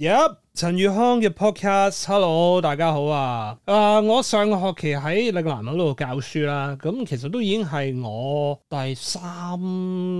Yep 陳宇康嘅 podcast，hello，大家好啊！啊、呃，我上個學期喺嶺南嗰度教書啦，咁其實都已經係我第三、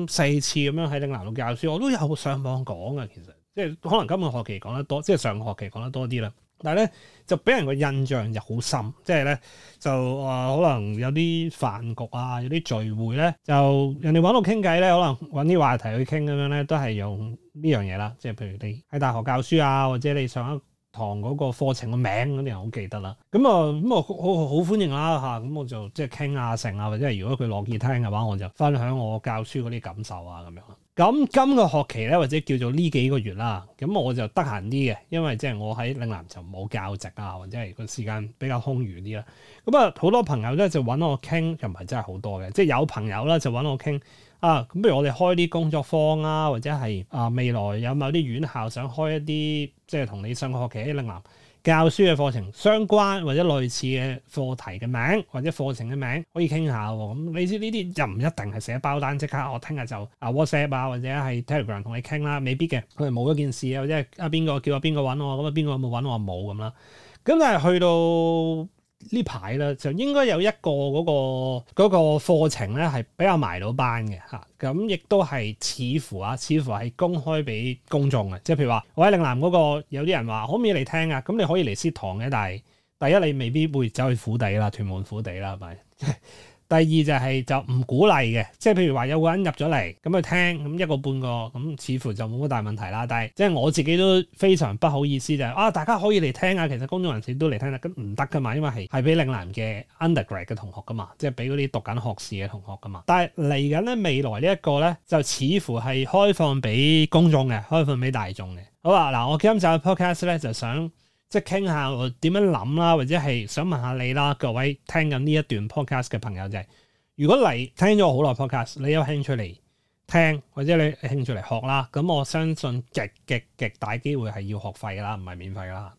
四次咁樣喺嶺南度教書，我都有上網講嘅，其實即係可能今個學期講得多，即係上個學期講得多啲啦。但係咧就俾人個印象就好深，即係咧就誒、呃、可能有啲飯局啊，有啲聚會咧，就人哋揾我傾偈咧，可能揾啲話題去傾咁樣咧，都係用呢樣嘢啦。即係譬如你喺大學教書啊，或者你上一堂嗰個課程嘅名咁你我好記得啦。咁啊咁啊，好好歡迎啦嚇。咁我就即係傾啊成啊，或者係如果佢樂意聽嘅話，我就分享我教書嗰啲感受啊咁樣。咁今個學期咧，或者叫做呢幾個月啦，咁我就得閒啲嘅，因為即係我喺嶺南就冇教職啊，或者係個時間比較空餘啲啦。咁啊，好多朋友咧就揾我傾，又唔係真係好多嘅，即係有朋友啦就揾我傾啊。咁不如我哋開啲工作坊啊，或者係啊未來有冇啲院校想開一啲，即係同你上個學期喺嶺南。教書嘅課程，相關或者類似嘅課題嘅名或者課程嘅名，可以傾下喎，咁你知呢啲就唔一定係寫包單即刻，我聽日就啊 WhatsApp 啊或者係 Telegram 同你傾啦，未必嘅，佢係冇一件事啊，或者啊邊個叫啊邊個揾我，咁啊邊個有冇揾我冇咁啦，咁但係去到。呢排咧就應該有一個嗰、那個嗰、那個、課程咧係比較埋到班嘅嚇，咁、啊、亦都係似乎啊似乎係公開俾公眾嘅，即係譬如話我喺嶺南嗰、那個有啲人話可唔可以嚟聽啊？咁你可以嚟試堂嘅，但係第一你未必會走去府地啦，屯門府地啦，係咪？ 第二就係就唔鼓勵嘅，即係譬如話有個人入咗嚟咁去聽，咁一個半個咁似乎就冇乜大問題啦。但係即係我自己都非常不好意思就係啊，大家可以嚟聽下，其實公眾人士都嚟聽啦，咁唔得噶嘛，因為係係俾嶺南嘅 undergrad 嘅同學噶嘛，即係俾嗰啲讀緊學士嘅同學噶嘛。但係嚟緊咧未來呢一個咧就似乎係開放俾公眾嘅，開放俾大眾嘅。好啊，嗱，我今日 podcast 咧就想。即係傾下我點樣諗啦，或者係想問下你啦，各位聽緊呢一段 podcast 嘅朋友就係，如果嚟聽咗我好耐 podcast，你有興趣嚟聽，或者你興趣嚟學啦，咁我相信極極極大機會係要學費噶啦，唔係免費噶啦。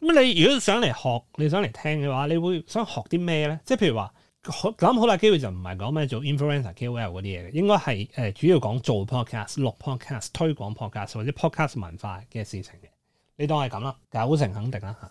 咁你如果想嚟學，你想嚟聽嘅話，你會想學啲咩咧？即係譬如話，諗好大機會就唔係講咩做 influencer KOL 嗰啲嘢，應該係誒主要講做 podcast 錄 podcast 推廣 podcast 或者 podcast 文化嘅事情。你當係咁啦，九成肯定啦，吓。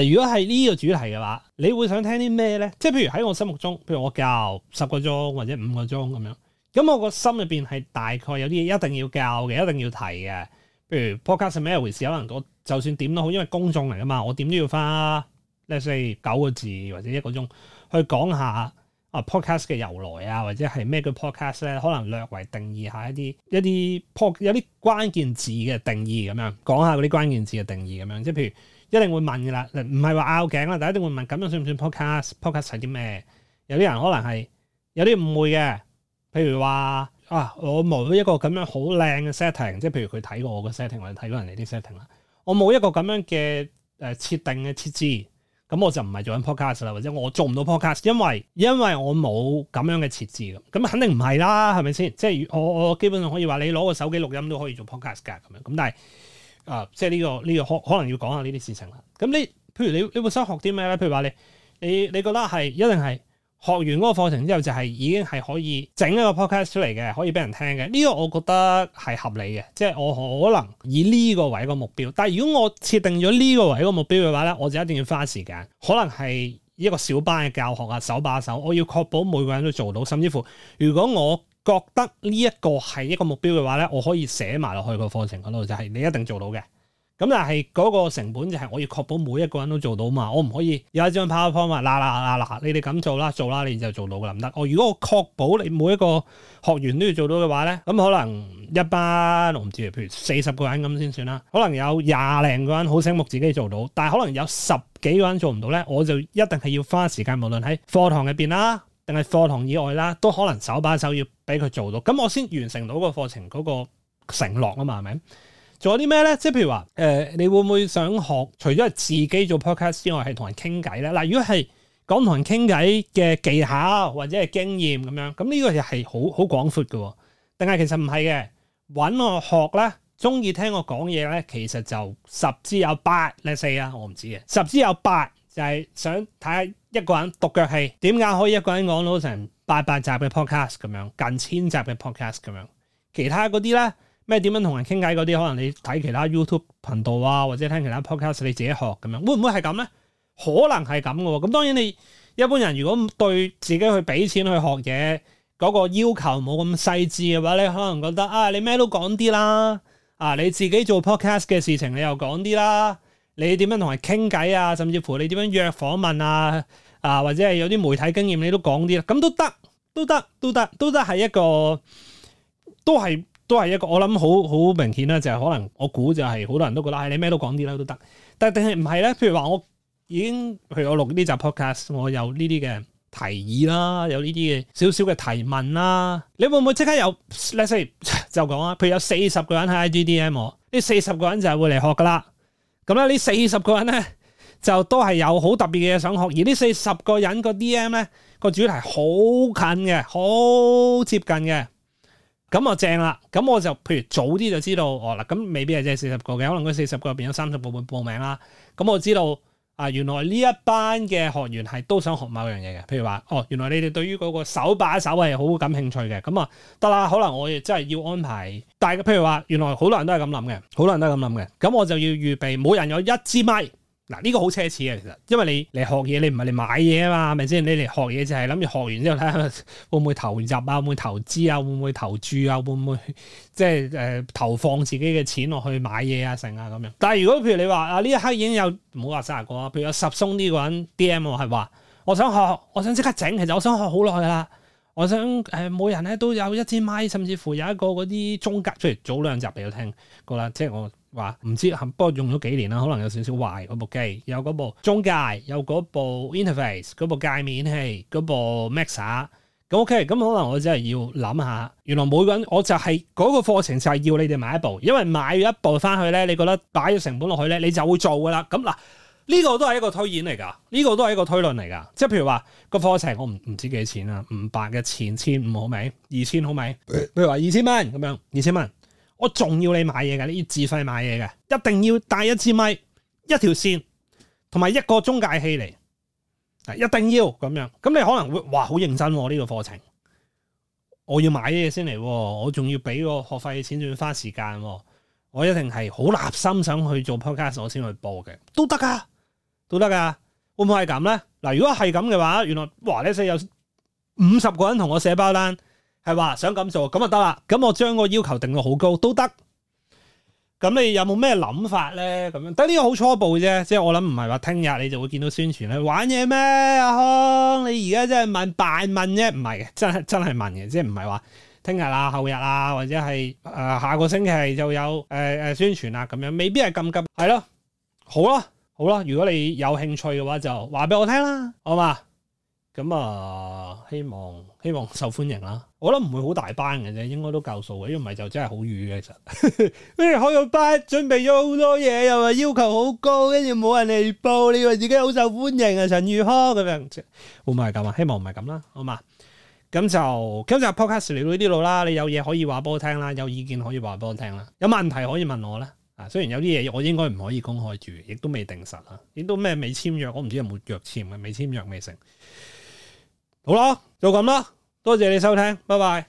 嗱，如果係呢個主題嘅話，你會想聽啲咩咧？即係譬如喺我心目中，譬如我教十個鐘或者五個鐘咁樣，咁我個心入邊係大概有啲嘢一定要教嘅，一定要提嘅。譬如 podcast 係咩回事，可能我就算點都好，因為公眾嚟噶嘛，我點都要翻 l e a 九個字或者個一個鐘去講下。啊 Podcast 嘅由來啊，或者係咩叫 Podcast 咧？可能略為定義一下一啲一啲有啲關鍵字嘅定義咁樣，講下嗰啲關鍵字嘅定義咁樣。即係譬如一定會問噶啦，唔係話拗頸啦，但一定會問咁樣算唔算 Podcast？Podcast 係 Podcast 啲咩？有啲人可能係有啲誤會嘅，譬如話啊，我冇一個咁樣好靚嘅 setting，即係譬如佢睇過我嘅 setting，或者睇過人哋啲 setting 啦，我冇一個咁樣嘅誒設定嘅設置。咁我就唔係做緊 podcast 啦，或者我做唔到 podcast，因為因為我冇咁樣嘅設置嘅，咁肯定唔係啦，係咪先？即係我我基本上可以話你攞個手機錄音都可以做 podcast 噶，咁樣咁，但係啊、呃，即係呢、呢個呢、呢個可、呢個、可能要講下呢啲事情啦。咁你譬如你你本身學啲咩咧？譬如話你你你覺得係一定係？學完嗰個課程之後就係已經係可以整一個 podcast 出嚟嘅，可以俾人聽嘅。呢個我覺得係合理嘅，即係我可能以呢個為一個目標。但係如果我設定咗呢個為一個目標嘅話咧，我就一定要花時間，可能係一個小班嘅教學啊，手把手，我要確保每個人都做到。甚至乎，如果我覺得呢一個係一個目標嘅話咧，我可以寫埋落去個課程嗰度，就係你一定做到嘅。咁但係嗰個成本就係我要確保每一個人都做到嘛，我唔可以有一張 PowerPoint 嗱嗱嗱啦啦啦，你哋咁做啦做啦，你就做到噶，唔得。我、哦，如果我確保你每一個學員都要做到嘅話咧，咁可能一班我唔知，譬如四十個人咁先算啦，可能有廿零個人好醒目自己做到，但係可能有十幾個人做唔到咧，我就一定係要花時間，無論喺課堂入邊啦，定係課堂以外啦，都可能手把手要俾佢做到，咁我先完成到個課程嗰個承諾啊嘛，係咪？仲有啲咩咧？即係譬如話，誒、呃，你會唔會想學？除咗係自己做 podcast 之外，係同人傾偈咧？嗱，如果係講同人傾偈嘅技巧或者係經驗咁樣，咁呢個就係好好廣闊嘅。定係其實唔係嘅，搵我學咧，中意聽我講嘢咧，其實就十之有八，你四啊，我唔知嘅，十之有八就係、是、想睇下一個人獨腳戲點解可以一個人講到成八百集嘅 podcast 咁樣，近千集嘅 podcast 咁樣，其他嗰啲咧。咩點樣同人傾偈嗰啲，可能你睇其他 YouTube 頻道啊，或者聽其他 podcast，你自己學咁樣，會唔會係咁咧？可能係咁嘅。咁當然你一般人如果對自己去俾錢去學嘢嗰個要求冇咁細緻嘅話咧，你可能覺得啊，你咩都講啲啦，啊你自己做 podcast 嘅事情你又講啲啦，你點樣同人傾偈啊，甚至乎你點樣約訪問啊，啊或者係有啲媒體經驗你都講啲啦，咁都得，都得，都得，都得係一個，都係。都係一個我諗好好明顯啦，就係、是、可能我估就係好多人都覺得，唉，你咩都講啲啦都得，但定係唔係咧？譬如話，我已經譬如我錄呢集 Podcast，我有呢啲嘅提議啦，有呢啲嘅少少嘅提問啦，你會唔會即刻有？Let's say 就講啊，譬如有四十個人喺 IGDM，呢四十個人就係會嚟學噶啦。咁咧，呢四十個人咧就都係有好特別嘅嘢想學，而呢四十個人個 DM 咧個主題好近嘅，好接近嘅。咁我正啦，咁我就譬如早啲就知道哦嗱，咁未必係即四十個嘅，可能佢四十個入邊有三十個會報名啦。咁我知道啊，原來呢一班嘅學員係都想學某樣嘢嘅。譬如話，哦，原來你哋對於嗰個手把手係好感興趣嘅。咁啊，得啦，可能我亦真係要安排。但係譬如話，原來好多人都係咁諗嘅，好多人都係咁諗嘅。咁我就要預備，每人有一支咪。嗱，呢個好奢侈嘅其實，因為你嚟學嘢，你唔係嚟買嘢啊嘛，係咪先？你嚟學嘢就係諗住學完之後睇下會唔會投入啊，會唔會投資啊，會唔會投注啊，會唔會即係誒投放自己嘅錢落去買嘢啊，成啊咁樣。但係如果譬如你話啊，呢一刻已經有唔好話三十個啊，譬如有十松呢個人 D M 我係話，我想學，我想即刻整，其實我想學好耐啦。我想誒、呃，每人咧都有一支麥，甚至乎有一個嗰啲中格出嚟，早兩集俾我聽，好啦，即係我。話唔知，不過用咗幾年啦，可能有少少壞部機，有嗰部中介，有嗰部 interface，嗰部界面器，嗰部 maxa，咁、嗯、ok，咁、嗯、可能我真係要諗下，原來每個人，我就係、是、嗰、那個課程就係要你哋買一部，因為買咗一部翻去咧，你覺得擺咗成本落去咧，你就會做噶啦。咁嗱，呢、這個都係一個推演嚟噶，呢、這個都係一個推論嚟噶。即係譬如話個課程我唔唔知幾錢啊，五百嘅錢，千五好未？二千好未？譬 如話二千蚊咁樣，二千蚊。我仲要你買嘢嘅，你要自費買嘢嘅，一定要帶一支咪、一條線同埋一個中介器嚟，啊，一定要咁樣。咁你可能會哇好認真喎，呢個課程，我要買嘢先嚟，我仲要俾個學費、錢仲要花時間，我一定係好立心想去做 podcast 我先去播嘅，都得噶，都得噶，會唔會係咁咧？嗱，如果係咁嘅話，原來哇呢一世有五十個人同我寫包單係話想咁做咁就得啦，咁我將個要求定到好高都得。咁你有冇咩諗法咧？咁樣，但呢個好初步啫，即係我諗唔係話聽日你就會見到宣傳咧。玩嘢咩，阿康？你而家真係問扮問啫，唔係真係真係問嘅，即係唔係話聽日啊、後日啊，或者係誒、呃、下個星期就有誒誒、呃呃、宣傳啊，咁樣未必係咁急，係咯，好啦好啦。如果你有興趣嘅話，就話俾我聽啦，好嘛？咁啊，希望希望受歡迎啦。我諗唔會好大班嘅啫，應該都夠數嘅。因為唔係就真係好瘀嘅其實。跟住開個班，準備咗好多嘢，又話要求好高，跟住冇人嚟報，你話自己好受歡迎啊？陳宇康，咁樣會唔會係咁啊？希望唔係咁啦，好嘛？咁就今日 Podcast 嚟到呢度啦，你有嘢可以話俾我聽啦，有意見可以話俾我聽啦，有問題可以問我啦。啊，雖然有啲嘢我應該唔可以公開住，亦都未定實啊，亦都咩未簽約，我唔知有冇約簽啊，未簽約未成。好啦，就咁啦，多謝你收聽，拜拜。